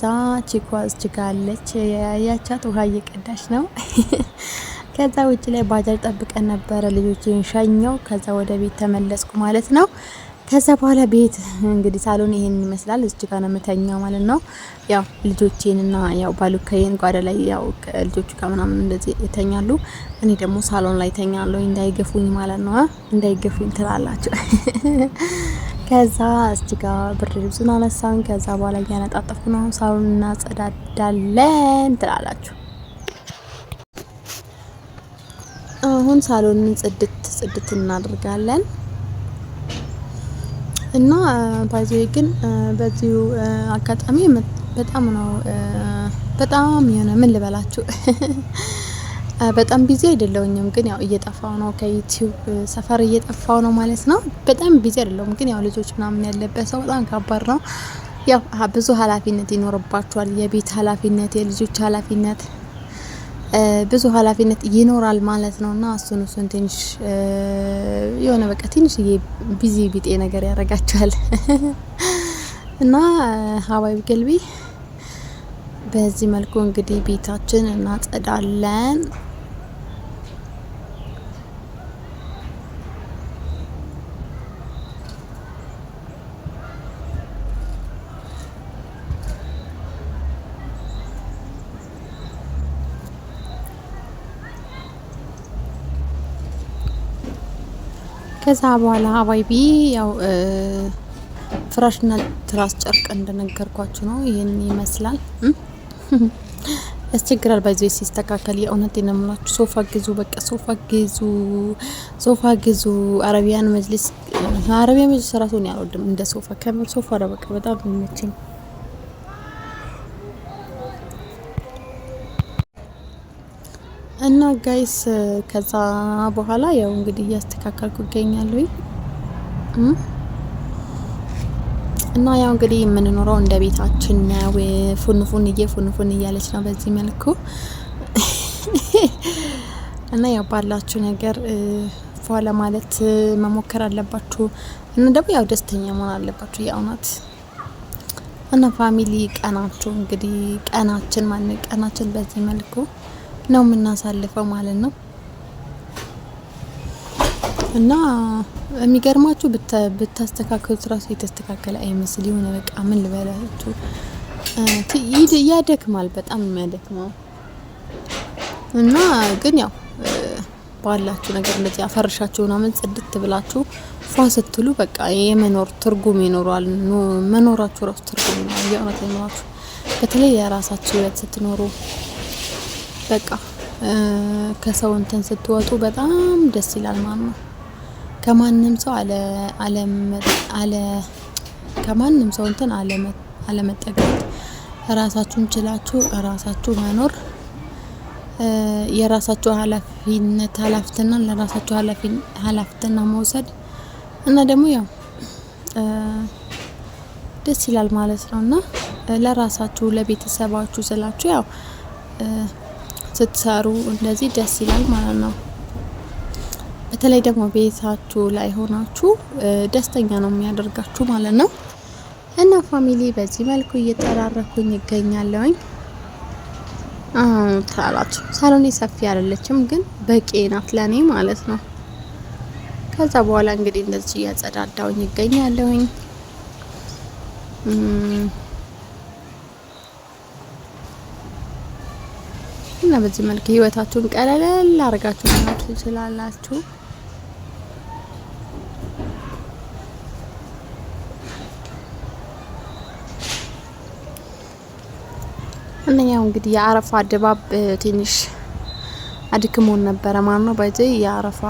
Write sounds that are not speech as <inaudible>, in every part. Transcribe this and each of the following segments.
ከዛ ቺኳ እጅጋለች ያቻት ውሃ እየቀዳች ነው። <laughs> ከዛ ውጭ ላይ ባጃጅ ጠብቀን ነበረ። ልጆችን ሸኘው፣ ከዛ ወደ ቤት ተመለስኩ ማለት ነው። ከዛ በኋላ ቤት እንግዲህ ሳሎን ይሄን ይመስላል። እዚህ ጋር ነው የምተኛው ማለት ነው። ያው ልጆቼንና ያው ባሉካዬን ጓዳ ላይ ያው ልጆቹ ጋር ምናምን እንደዚህ ይተኛሉ። እኔ ደግሞ ሳሎን ላይ ተኛለሁ። እንዳይገፉኝ ማለት ነው። እንዳይገፉኝ ትላላቸው። <laughs> ከዛ እስቲ ጋር ብርድ ልብሱን አነሳን። ከዛ በኋላ እያነጣጠፍኩ ነው። ሳሩን እናጸዳዳለን ትላላችሁ። አሁን ሳሎንን ጽድት ጽድት እናደርጋለን እና ባዚ ግን በዚሁ አጋጣሚ በጣም ነው በጣም የሆነ ምን ልበላችሁ <laughs> በጣም ቢዚ አይደለውኝም፣ ግን ያው እየጠፋው ነው ከዩቲዩብ ሰፈር እየጠፋው ነው ማለት ነው። በጣም ቢዚ አይደለውም፣ ግን ያው ልጆች ምናምን ያለበት ሰው በጣም ከባድ ነው። ያው ብዙ ኃላፊነት ይኖርባቸዋል። የቤት ኃላፊነት፣ የልጆች ኃላፊነት፣ ብዙ ኃላፊነት ይኖራል ማለት ነው እና እሱን እሱን ትንሽ የሆነ በቃ ትንሽ ቢዚ ቢጤ ነገር ያደርጋቸዋል <laughs> እና ሀባይብ ገልቢ በዚህ መልኩ እንግዲህ ቤታችን እናጸዳለን። ከዛ በኋላ አባይቢ ያው ፍራሽና ትራስ ጨርቅ እንደነገርኳችሁ ነው። ይህን ይመስላል። ያስቸግራል። ባይዞ ሲስተካከል የእውነት የነምላችሁ ሶፋ ግዙ፣ በቃ ሶፋ ግዙ፣ ሶፋ ግዙ። አረቢያን መጅሊስ አረቢያን መጅሊስ ራሱን ያልወድም እንደ ሶፋ ከምር ሶፋ በቃ በጣም ይመችኝ ጋይስ ከዛ በኋላ ያው እንግዲህ እያስተካከልኩ ይገኛለሁ እና ያው እንግዲህ የምንኖረው እንደ ቤታችን ነው። ፉንፉን እየ ፉንፉን እያለች ነው በዚህ መልኩ እና ያው ባላችሁ ነገር ፏ ለማለት መሞከር አለባችሁ እና ደግሞ ያው ደስተኛ መሆን አለባችሁ። የእውነት እና ፋሚሊ ቀናችሁ እንግዲህ ቀናችን ማን ቀናችን በዚህ መልኩ ነው የምናሳልፈው ማለት ነው። እና የሚገርማችሁ ብታስተካከሉት ራሱ የተስተካከለ አይመስል የሆነ በቃ ምን ልበላችሁ ያደክማል፣ በጣም የሚያደክመው እና ግን ያው ባላችሁ ነገር እንደዚህ አፈርሻችሁ ምናምን ጽድት ብላችሁ ፏ ስትሉ በቃ የመኖር ትርጉም ይኖራል። መኖራችሁ ራሱ ትርጉም ይኖራል። የእውነት ይኖራችሁ በተለይ የራሳችሁ ህይወት ስትኖሩ በቃ ከሰው እንትን ስትወጡ በጣም ደስ ይላል ማለት ነው። ከማንም ሰው አለ ከማንም ሰው እንትን አለመጠቀት ራሳችሁን ችላችሁ ራሳችሁ መኖር የራሳችሁ ኃላፊነት ኃላፊትና ለራሳችሁ ኃላፊትና መውሰድ እና ደግሞ ያው ደስ ይላል ማለት ነው። እና ለራሳችሁ ለቤተሰባችሁ ስላችሁ ያው ስትሰሩ እንደዚህ ደስ ይላል ማለት ነው። በተለይ ደግሞ ቤታችሁ ላይ ሆናችሁ ደስተኛ ነው የሚያደርጋችሁ ማለት ነው። እና ፋሚሊ በዚህ መልኩ እየጠራረኩኝ ይገኛለውኝ ታላችሁ ሳሎኔ ሰፊ አይደለችም፣ ግን በቂ ናት ለኔ ማለት ነው። ከዛ በኋላ እንግዲህ እንደዚህ እያጸዳዳውኝ ይገኛለሁኝ። እና በዚህ መልክ ህይወታችሁን ቀለል አድርጋችሁ መኖር ትችላላችሁ። አንደኛው እንግዲህ የአረፋ ድባብ ትንሽ አድክሞን ነበረ ማለት ነው። ባይዘይ የአረፋ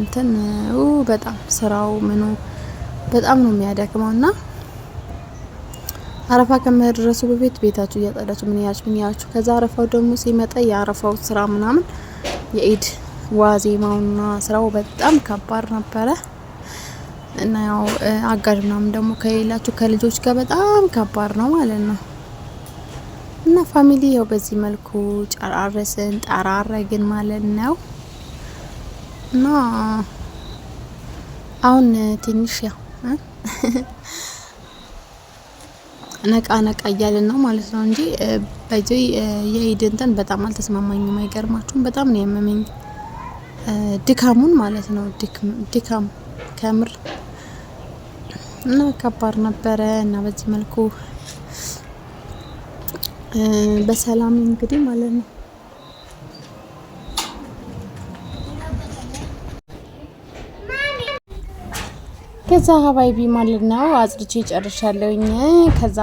እንትን በጣም ስራው ምኑ በጣም ነው የሚያደክመውና አረፋ ከመድረሱ በፊት ቤታችሁ እያጸዳችሁ ምን ያችሁ ምን ያችሁ፣ ከዛ አረፋው ደግሞ ሲመጣ የአረፋው ስራ ምናምን የኢድ ዋዜማውና ስራው በጣም ከባድ ነበረ እና ያው አጋዥ ምናምን ደግሞ ከሌላችሁ ከልጆች ጋር በጣም ከባድ ነው ማለት ነው። እና ፋሚሊ ያው በዚህ መልኩ ጨራረስን ጠራረግን ማለት ነው። እና አሁን ትንሽ ያው <laughs> ነቃ ነቃ እያልን ነው ማለት ነው እንጂ በዚህ የኢድ እንትን በጣም አልተስማማኝም። አይገርማችሁም? በጣም ነው ያመመኝ ድካሙን ማለት ነው ድካም ከምር እና ከባድ ነበረ እና በዚህ መልኩ በሰላም እንግዲህ ማለት ነው ከዛ ሀባይቢ ማለት ነው አጽድቼ ጨርሻለሁኝ። ከዛ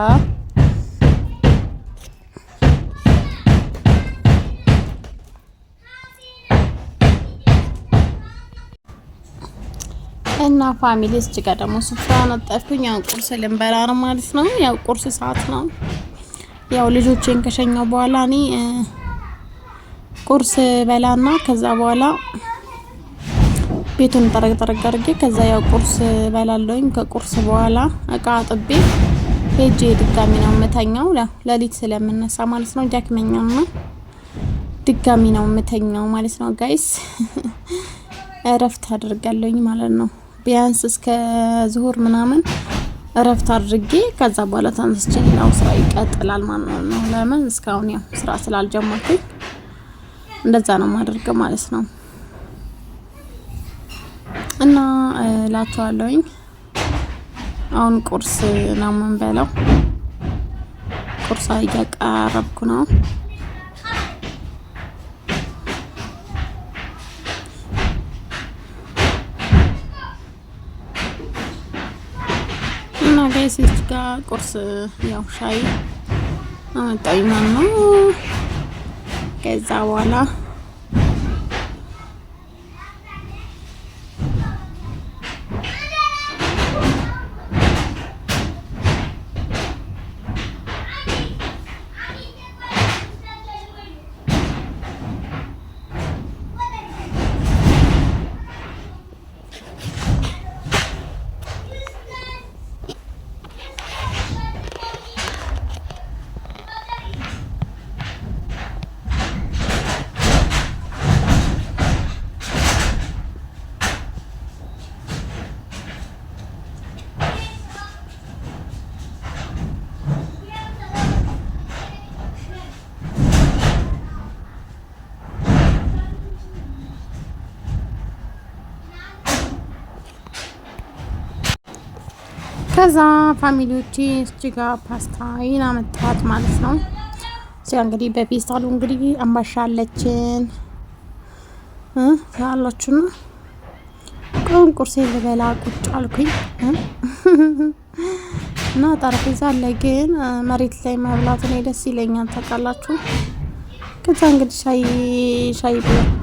እና ፋሚሊ እስቲ ጋር ደግሞ ስፍራ ነጠፍኩኝ። ያው ቁርስ ልንበላ ነው ማለት ነው። ያው ቁርስ ሰዓት ነው። ያው ልጆቼን ከሸኘው በኋላ እኔ ቁርስ በላና ከዛ በኋላ ቤቱን ጠረግ ጠረግ አድርጌ ከዛ ያው ቁርስ በላለሁኝ። ከቁርስ በኋላ እቃ አጥቤ ሄጄ ድጋሚ ነው የምተኛው። ለሊት ስለምነሳ ማለት ነው ጃክመኛማ ድጋሚ ነው የምተኛው ማለት ነው ጋይስ። <laughs> እረፍት አድርጋለኝ ማለት ነው ቢያንስ እስከ ዙሁር ምናምን እረፍት አድርጌ ከዛ በኋላ ተነስቼ ሌላው ስራ ይቀጥላል ማለት ነው። ለምን እስካሁን ያው ስራ ስላልጀመርኩኝ እንደዛ ነው የማደርገው ማለት ነው። እና እላችኋለሁኝ። አሁን ቁርስ ነው የምንበላው። ቁርስ እያቃረብኩ ነው። እና ጋር ቁርስ ያው ሻይ አመጣኝ ነው። ከዛ በኋላ ከዛ ፋሚሊዎቼ እጅጋ ፓስታ ይና አመጣኋት ማለት ነው። እዚያ እንግዲህ በፔስታሉ እንግዲህ አምባሻ አለችን ነው። ቀን ቁርሴ ልበላ ቁጭ አልኩኝ እና ጠረጴዛ አለ፣ ግን መሬት ላይ መብላት እኔ ደስ ይለኛል ታውቃላችሁ። ከዛ እንግዲህ ሻይ ሻይ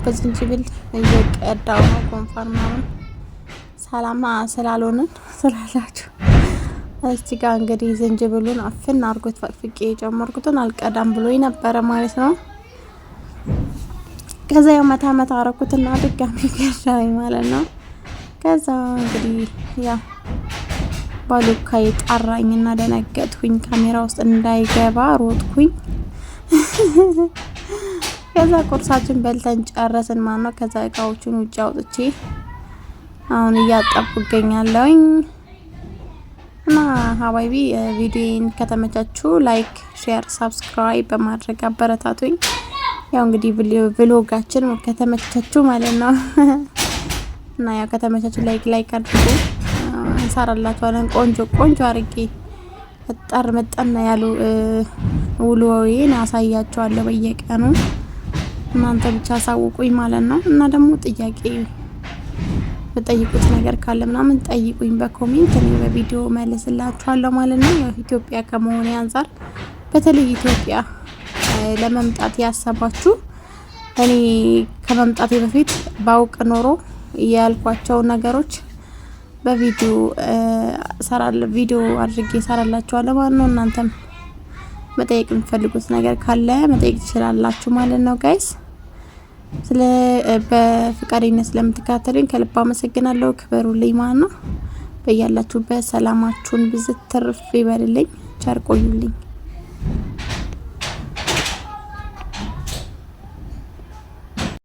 በዝንጅብል እየቀዳው ነው ኮንፈርማውን ሰላማ ስላልሆንን ስላላችሁ እስቲ ጋ እንግዲህ ዝንጅብሉን አፍን አርጎት ፈቅፍቄ የጨመርኩትን አልቀዳም ብሎ ነበረ ማለት ነው። ከዛ ያው መታ መታ አረኩትና ድጋሚ <laughs> ገሻኝ ማለት ነው። ከዛ እንግዲህ ያ ባሉካ የጠራኝና ደነገጥኩኝ። ካሜራ ውስጥ እንዳይገባ ሮጥኩኝ። <laughs> ከዛ ቁርሳችን በልተን ጨረስን ማለት ነው። ከዛ እቃዎቹን ውጭ አውጥቼ አሁን እያጠብኩ እገኛለሁኝ። እና ሀባይቢ ቪዲዮን ከተመቻችሁ ላይክ፣ ሼር፣ ሳብስክራይብ በማድረግ አበረታቱኝ። ያው እንግዲህ ቪሎጋችን ከተመቻችሁ ማለት ነው <laughs> እና ያው ከተመቻችሁ ላይክ ላይክ አድርጉ። እንሰራላችኋለን ቆንጆ ቆንጆ አርጌ መጠር መጠና ያሉ ውሎዬን አሳያችኋለሁ በየቀኑ እናንተ ብቻ አሳውቁኝ ማለት ነው እና ደግሞ ጥያቄ የምጠይቁት ነገር ካለ ምናምን ጠይቁኝ በኮሜንት እኔ በቪዲዮ መልስላችኋለሁ ማለት ነው። ያው ኢትዮጵያ ከመሆኔ አንጻር በተለይ ኢትዮጵያ ለመምጣት ያሰባችሁ እኔ ከመምጣቴ በፊት ባውቅ ኖሮ ያልኳቸው ነገሮች በቪዲዮ ሰራለ ቪዲዮ አድርጌ ሰራላችኋለሁ ማለት ነው። እናንተም መጠየቅ የምትፈልጉት ነገር ካለ መጠየቅ ትችላላችሁ ማለት ነው ጋይስ። ስለ በፍቃደኝነት ስለምትከታተሉኝ ከልብ አመሰግናለሁ። ክበሩ ማለት ነው። በያላችሁበት ሰላማችሁን ብዝት ትርፍ ይበልልኝ። ቸር ቆዩልኝ።